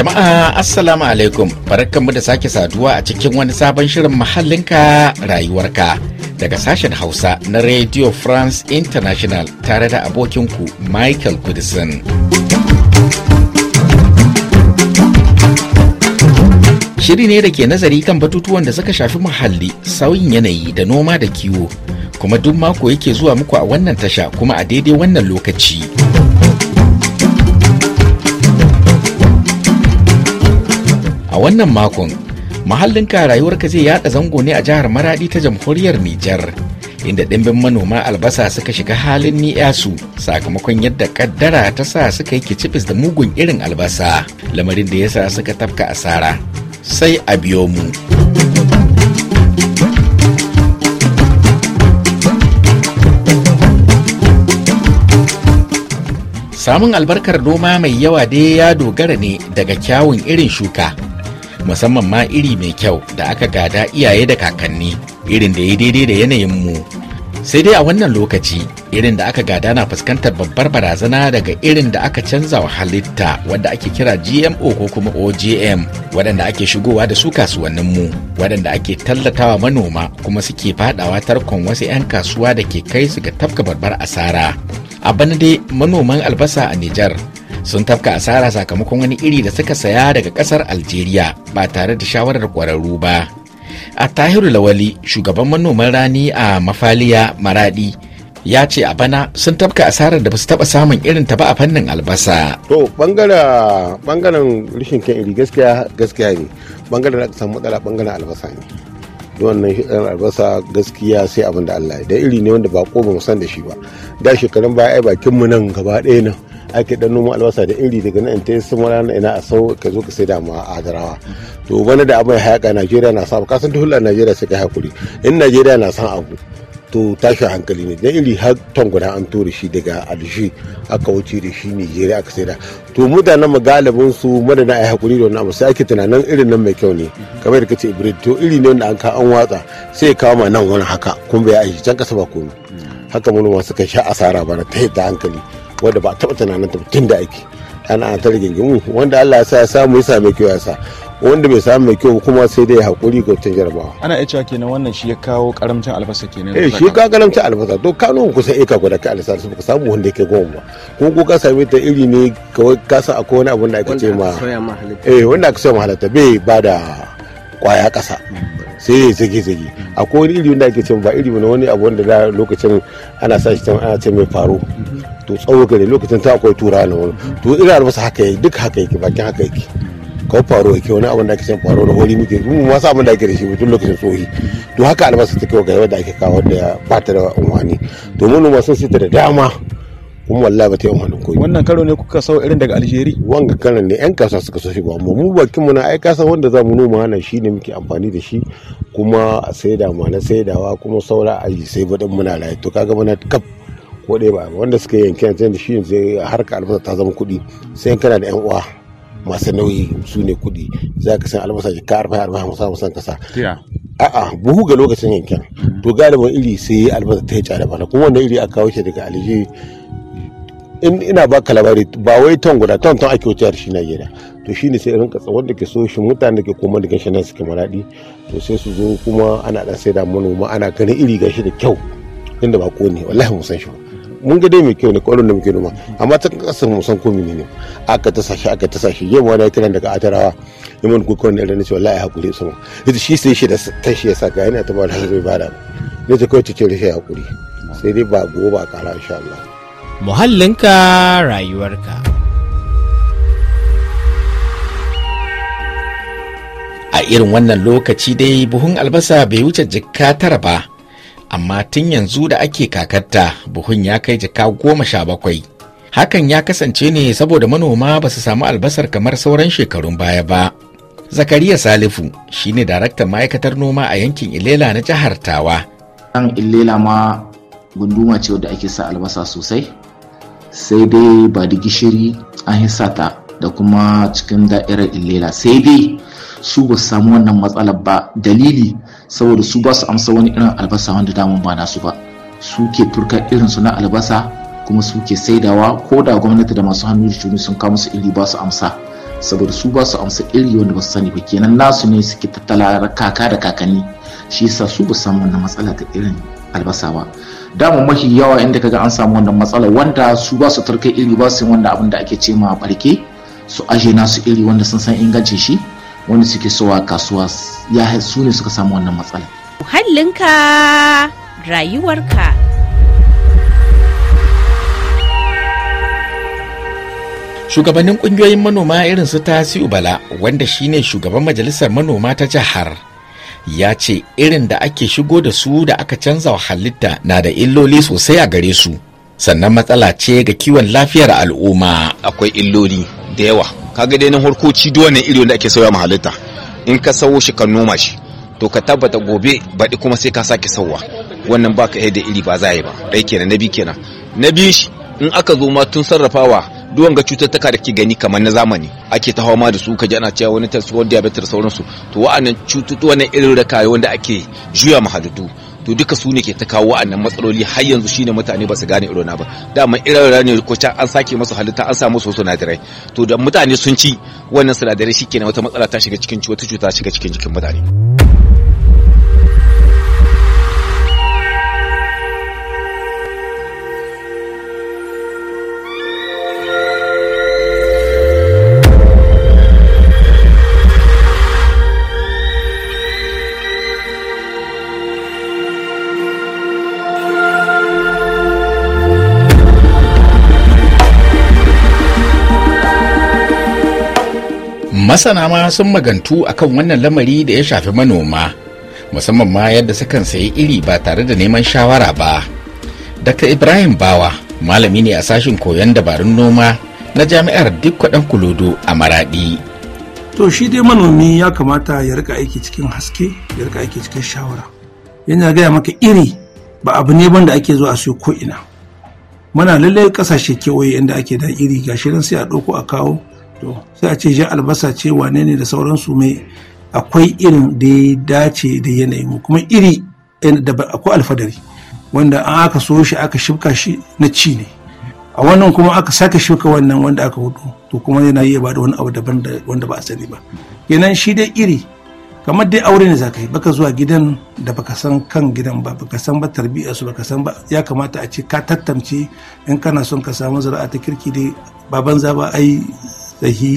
Jama'a Assalamu alaikum mu da sake saduwa a cikin wani sabon shirin muhallinka rayuwarka daga sashen Hausa na Radio France International tare da abokinku Michael Kudisin. Shiri ne da ke nazari kan batutuwan da suka shafi muhalli, sauyin yanayi da noma da kiwo, kuma duk mako yake zuwa muku a wannan tasha kuma a daidai wannan lokaci. wannan makon muhallinka rayuwarka zai yada zango ne a jihar maradi ta jamhuriyar nijar inda dimbin manoma albasa suka shiga halin su sakamakon yadda kaddara ta sa suka yi kicibis da mugun irin albasa lamarin da ya sa suka tafka asara sai a biyo mu samun albarkar noma mai yawa dai ya dogara ne daga kyawun irin shuka musamman ma iri mai kyau da aka gada iyaye da kakanni irin da ya daidai da yanayin mu sai dai a wannan lokaci irin da aka gada na fuskantar babbar barazana daga irin da aka canza wa halitta wadda ake kira gmo ko kuma ogm waɗanda ake shigowa da su kasuwannin mu waɗanda ake tallatawa manoma kuma suke fadawa tarkon wasu 'yan kasuwa da ke kai su ga tafka babbar asara a bana dai manoman albasa a nijar sun tafka asara sakamakon wani iri da suka saya daga kasar algeria ba tare da shawarar kwararru ba a tahiru lawali shugaban manoman rani a mafaliya maradi ya ce a bana sun tafka asarar da ba su taba samun irin ta ba a fannin albasa to bangaren rishin kan iri gaskiya gaskiya ne bangaren da aka samu matsala bangaren albasa ne wannan ɗan albasa gaskiya sai abin da Allah da iri ne wanda ba ko ba san da shi ba da shekarun baya ai bakin mu nan gaba ɗaya nan ake dan noma albasa da iri daga nan ta sun wani ina a sau ka zo ka sai da ma darawa to wani da abin hayaka najeriya na samu kasan hulɗar najeriya sai ka hakuri in najeriya na san abu to tashi hankali ne dan iri har ton guda an tura shi daga alji aka wuce da shi nigeria aka da to da mu galibin su madana ai hakuri da wannan sai ake tunanin irin nan mai kyau ne kamar da kace ibrid to iri ne wanda an ka an watsa sai ka ma nan wani haka kun bai aiki can kasa ba komai haka manoma suka sha asara bana ta yadda hankali wadda ba taɓa tunanin tun da ake ana ta rigingimu wanda Allah ya sa ya samu ya same kyau ya sa wanda bai samu mai kyau kuma sai dai hakuri ga wancan jarabawa ana iya cewa kenan wannan shi ya kawo karamcin albasa kenan eh shi ka karamcin albasa to ka nuna kusan eka guda kai albasa su ka samu wanda yake goma ba ko ko ka same ta iri ne kawai ka sa akwai wani abu da aka ce ma eh wanda aka soya mahalata bai bada kwaya kasa sai ya zage zage akwai wani iri wanda ake ce ba iri ne wani abu wanda da lokacin ana sa shi ana ce mai faro to tsawo gare lokacin ta akwai tura na wani to ina masa haka yake duk haka yake bakin haka yake ko faro yake wani abin da ake san faro na hori muke mu ma abin da ake da shi mutum lokacin tsohi to haka albasa take ga wanda ake kawo da fata da unwani to mun ma sun sita da dama kuma wallahi ba ta yi umarnin koyi wannan karo ne kuka sau irin daga aljeri wanga karon ne yan kasa suka so shi ba mu bakin mu na ai kasa wanda za mu noma nan shi ne muke amfani da shi kuma sai da ma na saidawa kuma saura ayi sai baɗin muna rayu to kaga muna kaf ko dai ba wanda suka yanke yankin da shi yanzu harka albasa ta zama kuɗi sai kana da yan uwa masu nauyi su ne kuɗi za ka san albasa ka arfa arfa musa musan kasa a'a buhu ga lokacin yankin hmm. to galibin iri sai albasa ta yi tsada bana kuma wanda iri aka kawo shi daga aljihu in ina baka labari ba wai ton guda ton ton ake wuce shi na gida to shine sai rinka tsawon da ke so shi mutane da ke koma da shi nan suke maradi to sai su zo kuma ana dan sai da manoma ana ganin iri gashi da kyau inda ba ko ne wallahi musan shi ba mun ga dai mai kyau ne kwallon da muke noma amma ta kasa mu san ko ne aka ta sashi aka ta sashi yau ma na tiran daga atarawa yaman ko kawai da nace wallahi hakuri sama yace shi sai shi da shi ya yana ta ba da zai bada ne ta kawai cikin rashin hakuri sai dai ba gobe ba kara insha Allah muhallinka rayuwarka a irin wannan lokaci dai buhun albasa bai wuce jikka tara ba amma tun yanzu da ake kakatta buhun ya kai jaka goma sha bakwai hakan ya kasance ne saboda manoma ba su samu albasar kamar sauran shekarun baya ba zakariya salifu shine daraktan ma'aikatar noma a yankin ilela na jihar tawa an ilela ma gunduma ce wadda ake sa albasa sosai sai dai ba da gishiri an hisata da kuma cikin da'irar ilela sai dai su ba su samu wannan matsalar ba dalili saboda su ba su amsa wani irin albasa wanda damun ba nasu ba su ke turka irin su na albasa kuma su ke saidawa ko da gwamnati da masu hannu da shuni sun kawo musu iri ba su amsa saboda su ba su amsa iri wanda ba su sani ba kenan nasu ne suke tattala kaka da kakanni shi yasa su ba samu wannan matsala ta irin albasa ba dama mafi yawa inda kaga an samu wannan matsala wanda su ba su turka iri ba su wanda abin da ake ce ma barke su aje nasu iri wanda sun san ingancin shi wanda suke sowa kasuwa ya su ne suka samu wannan matsala. Muhallinka rayuwarka. Shugabannin ƙungiyoyin manoma irin su Tasiu Bala wanda shine shugaban majalisar manoma ta jihar ya ce irin da ake shigo da su da aka canza wa halitta na da illoli sosai a gare su sannan matsala ce ga kiwon lafiyar al'umma. Akwai illoli da yawa kaga ga daina harkoci duk wannan iri wanda ake sauya halitta in ka sawo shi ka noma shi to ka tabbata gobe baɗi kuma sai ka sake sauwa wannan baka yi da iri ba za yi ba ɗai kenan na biyu kenan na biyu shi in aka zo ma tun sarrafawa duk wanga cututtuka da ke gani kamar na zamani ake ta ma da su ka ji ana cewa wani tasirin diabetes sauransu to wa'annan cututtuka wannan irin rakaye wanda ake juya mahalittu to duka su ne ke ta kawo wa'annan matsaloli har yanzu shine mutane ba su gane irona ba dama irona ne ko can an sake masu halitta an samu su sinadarai to da mutane sun ci wannan sinadarai shikenan wata matsala ta shiga cikin wata cuta shiga cikin jikin mutane masana ma sun magantu a kan wannan lamari da ya shafi manoma musamman ma yadda sukan sayi iri ba tare da neman shawara ba dr ibrahim bawa malami ne a sashen koyon dabarun noma na jami'ar dikwaɗan kulodo a maradi to shi dai manomi ya kamata ya rika aiki cikin haske ya rika aiki cikin shawara yana gaya maka iri ba abu ne banda ake zuwa su ko ina muna lallai kasashe kewaye inda ake da iri gashi nan sai a ɗauko a kawo to sai a ce ja albasa ce wane ne da sauransu mai akwai irin da ya dace da yanayi mu kuma iri da akwai alfadari wanda an aka so shi aka shifka shi na ci ne a wannan kuma aka sake shuka wannan wanda aka hudu to kuma yana iya bada wani abu daban da wanda ba a sani ba kenan shi dai iri kamar dai aure ne zaka yi baka zuwa gidan da baka san kan gidan ba baka san ba tarbiyyar su baka san ba ya kamata a ce ka tattamce in kana son ka samu zara'a ta kirki dai ba banza ba ai zahi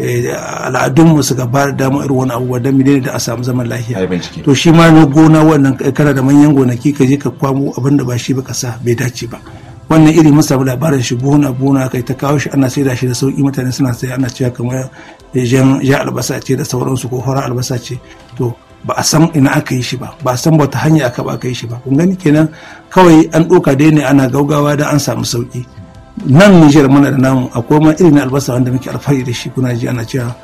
eh, al'adunmu su ba da damar irin wani abubuwa don mene da a samu zaman lafiya to shi ma na gona wannan kana da manyan gonaki ka je ka kwamo abin da ba shi ba kasa bai dace ba wannan iri mun samu labarin shi buhuna buhuna kai ta kawo shi ana saida shi da sauki mutane suna saya ana cewa kamar eh, jan albasa ce da sauransu ko fara albasa ce to ba a san ina aka yi shi ba ba a san wata hanya aka ba aka yi shi ba kun gani kenan kawai an ɗoka dai ne ana gaugawa da an samu sauki nan Nijar mana da namu akwai ma irin albasa wanda muke alfahari da shi kuna ji ana cewa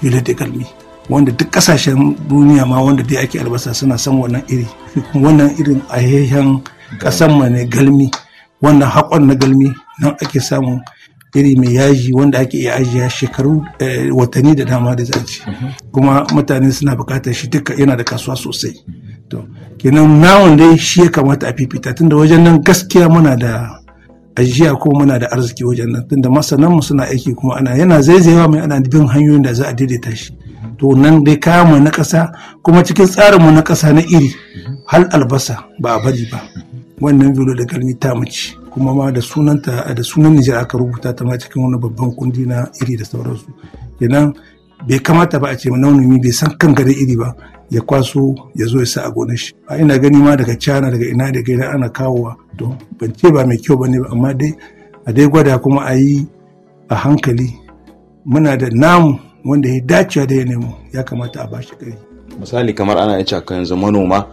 filet da kalmi wanda duk kasashen duniya ma wanda dai ake albasa suna san wannan iri wannan irin ayyayen kasan ma ne galmi wannan haƙon na galmi nan ake samun iri mai yaji wanda ake iya ajiya shekaru eh, watanni da dama da zaci mhm. kuma mutane suna buƙatar shi duka yana da kasuwa sosai to kenan nawon dai shi ya kamata a fifita tunda wajen nan gaskiya muna da ajiya ko muna da arziki wajen nan tunda masanan mu suna aiki kuma ana yana zaizayewa mai ana bin hanyoyin da za a daidaita shi to nan dai kayanmu na ƙasa kuma cikin tsarin mu na ƙasa na iri hal albasa ba a bari ba wannan bilo da kalmi ta mace kuma ma da sunanta da sunan Nijar aka rubuta ta ma cikin wani babban kundi na iri da sauransu kenan bai kamata ba a ce manomi bai san kan gare iri ba ya kwaso ya zo ya sa a gonar shi a ina gani ma daga cana daga ina daga ina ana kawowa to ban ce ba mai kyau bane ba amma dai a dai gwada kuma a yi a hankali muna da namu wanda ya dacewa da ya nemo ya kamata a bashi kai misali kamar ana yi cewa yanzu manoma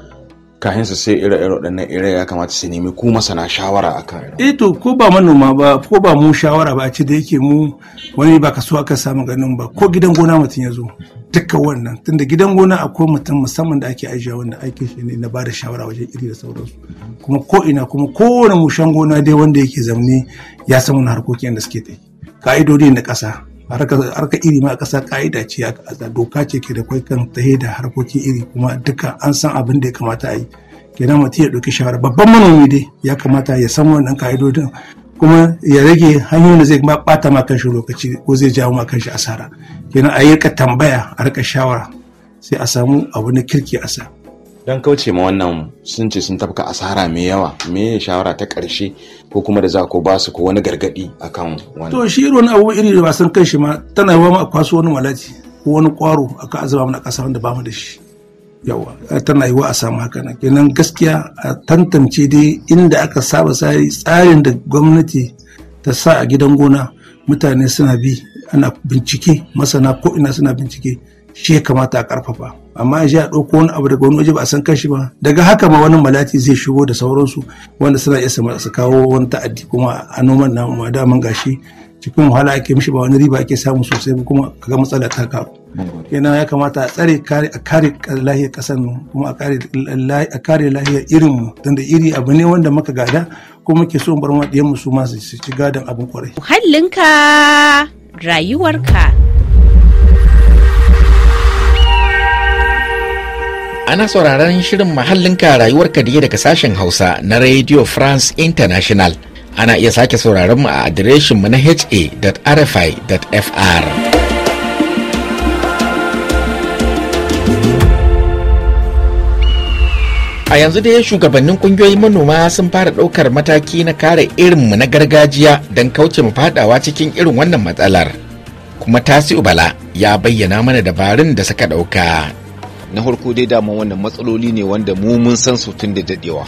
kayan su sai ire ire waɗannan ire ya kamata su nemi ku masana shawara a akan eh to ko ba manoma ba ko ba mu shawara ba a ce da yake mu wani ba kasuwa aka samu ganin ba ko gidan gona mutum ya zo duka wannan tunda gidan gona akwai mutum musamman da ake ajiya wanda aikin shi ne na ba da shawara wajen iri da sauransu kuma ko ina kuma kowane mushan gona dai wanda yake zamne ya san wani harkokin da suke ta ka'idodi na ƙasa harka iri ma a ƙasa ƙa'ida ce a doka ce ke da kwai kan tsaye da harkokin iri kuma duka an san abin da ya kamata a yi kenan mutum ya ɗauki shawara babban manomi dai ya kamata ya san wannan ka'idodin kuma ya rage hanyoyin da zai ɓata ma kanshi lokaci ko zai jawo ma kanshi asara kenan a yi ka tambaya a harka shawara sai a samu abu na kirki a don kauce ma wannan sun ce sun tafka asara mai yawa me shawara ta karshe ko kuma da za ku ba su ko wani gargaɗi akan wani. to shi irin abu iri da wasan kan shi ma tana yawa a kwaso wani walaci ko wani kwaro akan azaba mana kasa wanda ba mu da shi yawa tana yiwa a samu haka nan kenan gaskiya a tantance dai inda aka saba sai tsarin da gwamnati ta sa a gidan gona mutane suna bi ana bincike masana ko ina suna bincike shi ya kamata a karfafa amma ya a ɗauko wani abu daga wani waje ba a san kanshi ba daga haka ma wani malati zai shigo da sauransu wanda suna iya su kawo wani ta'addi kuma a noman na ma daman gashi cikin wahala ake mishi ba wani riba ake samu sosai ba kuma kaga matsala ta karu yana ya kamata a tsare a kare lahiyar kasar mu kuma a kare lahiyar irin mu tunda iri abu ne wanda muka gada kuma muke so bar mu su ma su ci gadan abin kwarai. Muhallinka rayuwarka. Ana sauraron shirin ka rayuwar da daga sashen Hausa na Radio France International. Ana iya sake sauraron mu a adireshin mu na ha.rfi.fr. A yanzu dai shugabannin kungiyoyin manoma sun fara ɗaukar mataki na kare irinmu na gargajiya don kauce mu fadawa cikin irin wannan matsalar. Kuma Tasi Ubala ya bayyana mana dabarun da suka ɗauka. na farko dai dama wannan matsaloli ne wanda mu mun san su tun da dadewa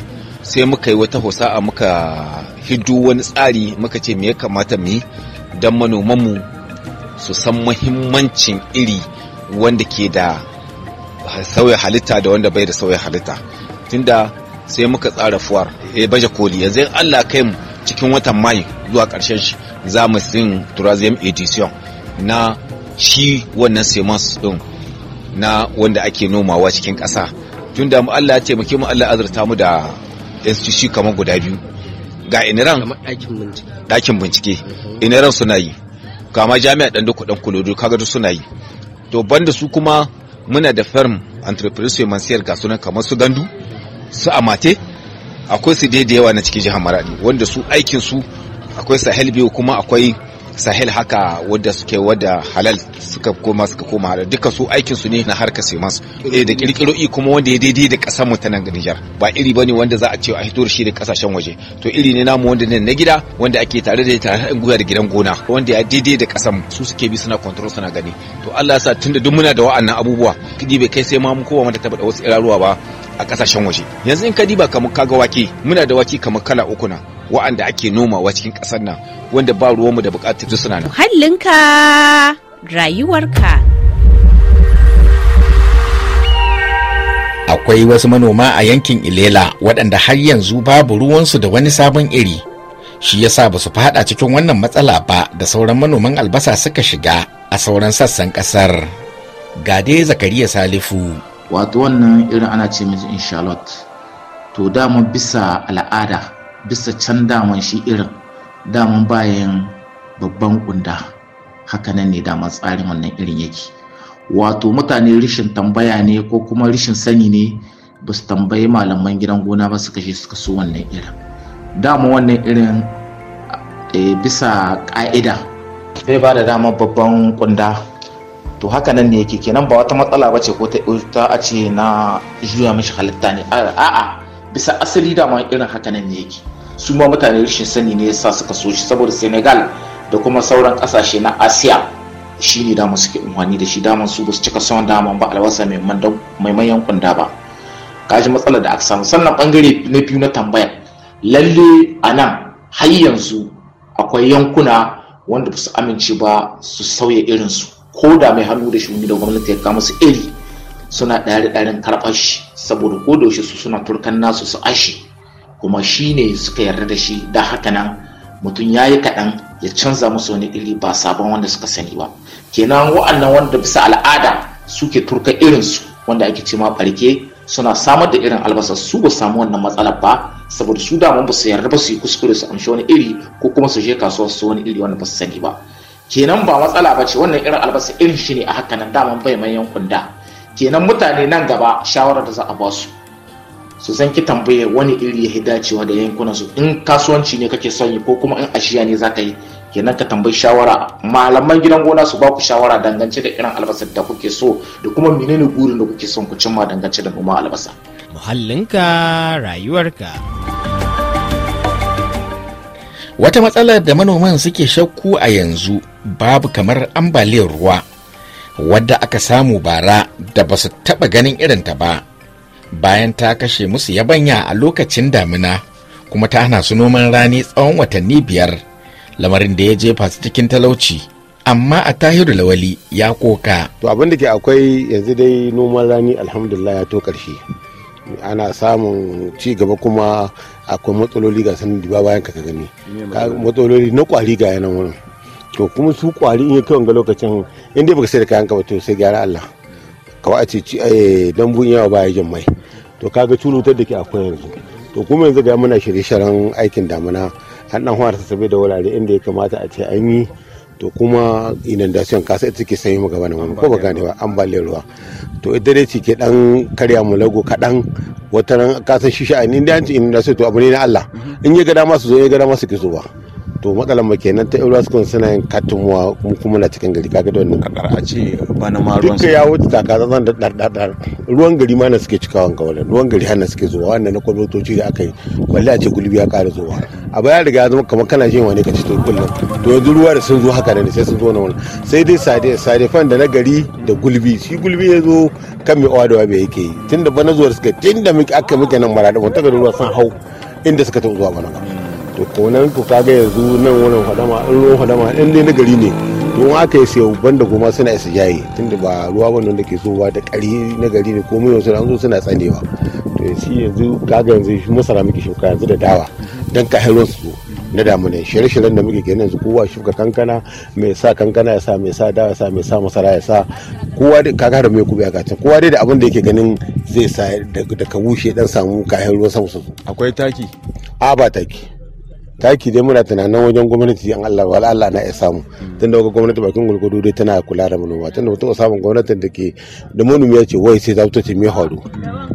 sai muka yi wata a muka hidu wani tsari muka ce me ya kamata mu yi don manomanmu su san mahimmancin iri wanda ke da sauya halitta da wanda bai da sauya halitta tunda sai muka tsara fuwar ya baje koli yanzu Allah kai mu cikin watan mai zuwa ƙarshen shi za mu sin turazium edition na shi wannan semans din na wanda ake nomawa cikin ƙasa tun da mu Allah ya taimake mu Allah azurta mu da NCC kamar guda biyu ga iniran ɗakin bincike mhm. iniran suna yi kama jami'a ɗan duk kuɗin kulodo kaga duk suna yi to banda su kuma muna da firm entrepreneurship man sayar ga sunan kamar su gandu su amate akwai su da yawa na cikin jihar maradi wanda su aikin su akwai sahel biyu kuma akwai sahel haka wadda suke wadda halal suka koma suka koma halal duka su aikin su ne na harka simas eh da kirkiro i kuma wanda ya daidai da kasar mu ta nan Niger ba iri bane wanda za a ce a hito shi da kasashen waje to iri ne namu wanda ne na gida wanda ake tare da tare guya da gidan gona wanda ya daidai da kasar su suke bi suna control suna gani to Allah ya sa tunda duk muna da wa'annan abubuwa kidi bai kai sai ma mu kowa mata taba da wasu iraruwa ba a kasashen waje yanzu in ka diba kamar kaga wake muna da wake kamar kala uku na wa'anda ake nomawa cikin kasar nan wanda ba ruwanmu da bukatar su suna nan rayuwarka akwai wasu manoma a yankin ilela waɗanda har yanzu babu ruwansu da wani sabon iri shi ya sa ba su fada cikin wannan matsala ba da sauran manoman albasa suka shiga a sauran sassan ƙasar gade zakariya salifu wato wannan irin ana ce mai in charlotte to dama bisa al'ada bisa can daman shi irin daman bayan babban kunda hakanan ne daman tsarin wannan irin yake wato mutane rishin tambaya ne ko kuma rishin sani ne ba su tambayi malaman gidan gona ba suka kashe suka so wannan irin dama wannan irin eh, bisa ƙa'ida zai ba da dama babban kunda to haka nan ne yake kenan ba wata matsala ba ce ko ta a ce na juya mishi halitta ne a'a bisa asali dama irin haka nan ne yake su ma mutane rashin sani ne yasa suka so shi saboda senegal da kuma sauran kasashe na asiya shi ne dama suke umarni da shi damun su basu cika son dama ba albasa mai manyan kunda ba kaji matsalar da aka samu sannan bangare na biyu na tambaya lalle a nan har yanzu akwai yankuna wanda ba su amince ba su sauya irinsu ko da mai hannu da shuni da gwamnati ya kama su iri suna ɗari ɗarin karɓar saboda ko da su suna turkan nasu su ashi kuma shi ne suka yarda da shi da haka nan mutum ya yi kaɗan ya canza musu wani iri ba sabon wanda suka sani ba kenan wa'annan wanda bisa al'ada suke turka irinsu wanda ake ce ma ɓarke suna samar da irin albasa su ba samu wannan matsala ba saboda su daman ba su yarda ba su yi kuskure su amshi wani iri ko kuma su je kasuwa su wani iri wanda ba su sani ba kenan ba matsala ba ce wannan irin albasa irin shi ne a haka nan daman bai mai yankun da kenan mutane nan gaba shawarar da za a ba su su san ki tambaye wani iri ya dacewa da yankunan su in kasuwanci ne kake son yi ko kuma in ashiya ne za ka yi kenan ka tambayi shawara malaman gidan gona su ba ku shawara dangance da irin albasa da kuke so da kuma menene burin da kuke son ku cimma dangance da noma albasa muhallinka rayuwarka wata matsalar da manoman suke shakku a yanzu babu kamar ambaliyar ruwa wadda aka samu bara da ba su taɓa ganin irinta ba bayan ta kashe musu yabanya a lokacin damina kuma ta hana su noman rani tsawon watanni biyar lamarin da ya jefa su cikin talauci amma a tahiru lawali ya koka to abin da ke akwai yanzu dai noman rani alhamdulillah ya to karshe ana samun ci gaba kuma akwai matsaloli ga sanin ba bayan ka gani matsaloli na kwari ga yanan wurin to kuma su kwari in ya kai wanga lokacin in dai baka sai da kayan ka ba to sai gyara Allah kawai a ce ci eh, bun yawa baya jin mai to kaga culutar da ke akwai yanzu to kuma yanzu ga muna shirye-shiryen aikin damuna an huwa ta sabai da wurare inda ya kamata a ce an yi to kuma inundation kasa ita take sanyi mu gaba na ko ba gane ba an balle ruwa to ita dai ce ke dan karya mu lago kadan ran kasan shi sha'ani da yanci sai to abu ne na Allah in ya ga dama su zo ya ga dama su ki zo ba to matsalan ba kenan ta euroscon suna yin katumuwa kuma na cikin gari kaga da wannan kakar a ce bana ma ruwan duka ya wuce taka zan da dardar ruwan gari ma na suke cikawa ga wannan ruwan gari har na suke zuwa wannan na kwalotoci da aka yi balle a ce gulbi ya ƙara zuwa a baya riga ya zama kamar kana jin wani ka ci to kullum to yanzu ruwa da sun zo haka ne sai sun zo na wannan sai dai sade sade fan da na gari da gulbi shi gulbi ya zo kan mai owa da wabe yake yi tunda bana zuwa suka tunda muke aka muke nan mara da wata ruwa sun hau inda suka ta zuwa bana ba to ko nan ku kaga yanzu nan wurin hadama in ruwan hadama in dai na gari ne don aka yi sayo banda goma suna isa jaye tunda ba ruwa ba da ke so ba da kari na gari ne ko mun suna an zo suna tsanewa to shi yanzu kaga yanzu masara muke shuka yanzu da dawa dan ka hairon su na damuna shirye-shiryen da muke kenan yanzu kowa shuka kankana mai sa kankana ya sa mai sa dawa ya sa mai sa masara ya sa kowa da kaga da mai kuɓe a gacin kowa dai da abin da yake ganin zai sa da ka wushe dan samu kayan ruwa sama su akwai taki a ba taki taki dai muna tunanin wajen gwamnati an Allah wala Allah na isa mu tunda daga gwamnati bakin gulgudu dai tana kula da manoma tunda mutum samun gwamnatin da ke da manomi ya ce wai sai za ta ce me faru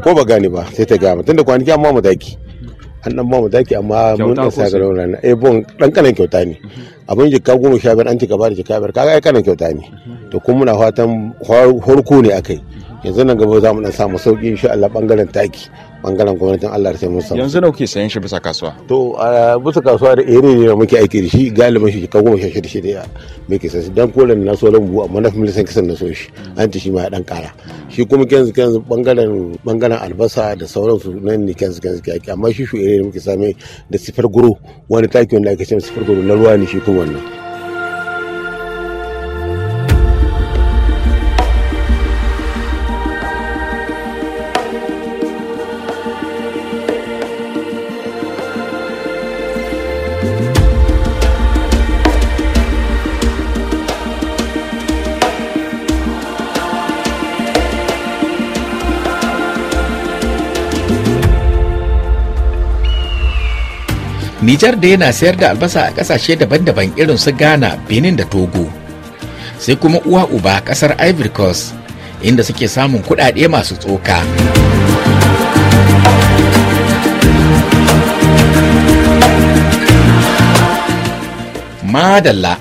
ko ba gane ba sai ta gama tunda kwanaki amma mu daki an dan ba mu daki amma mun da sagarar rana eh bon dan kanan kyauta ne abin jikka goma sha biyar an cika ba da jikka biyar kaga ai kanan kyauta ne to kuma muna fatan horko ne akai yanzu nan gaba za mu dan samu sauki insha Allah bangaren taki bangaren gwamnatin Allah da musa samu yanzu nawa kuke sayan shi bisa kasuwa to bisa kasuwa da iri ne muke aiki da shi galibin shi ka goma sha shi da muke sayan dan kolan na so lambu amma na milisan kisan na so shi an ta shi ma ya dan kara shi kuma kenzu kenzu bangaren bangaren albasa da su nan ne kenzu kenzu ke aiki amma shi shi iri ne muke same da sifar guru wani taki wanda ake cewa sifar guru na ruwa ne shi kuma wannan Nijar da yana sayar da albasa a ƙasashe daban-daban irin su Ghana, Benin da Togo. Sai kuma uwa uba kasar Ivory Coast inda suke samun kuɗaɗe masu tsoka. Madalla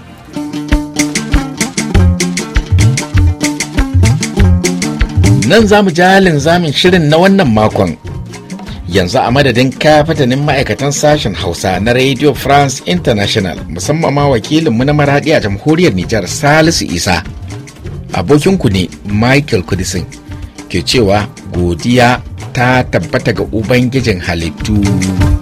Nan za mu jalin zamin shirin na wannan makon yanzu a madadin kafatanin ma'aikatan sashen hausa na radio france international musamman ma wakilinmu na maradi a jamhuriyar nijar salisu isa abokinku ne michael kudisin ke cewa godiya ta tabbata ga ubangijin halittu.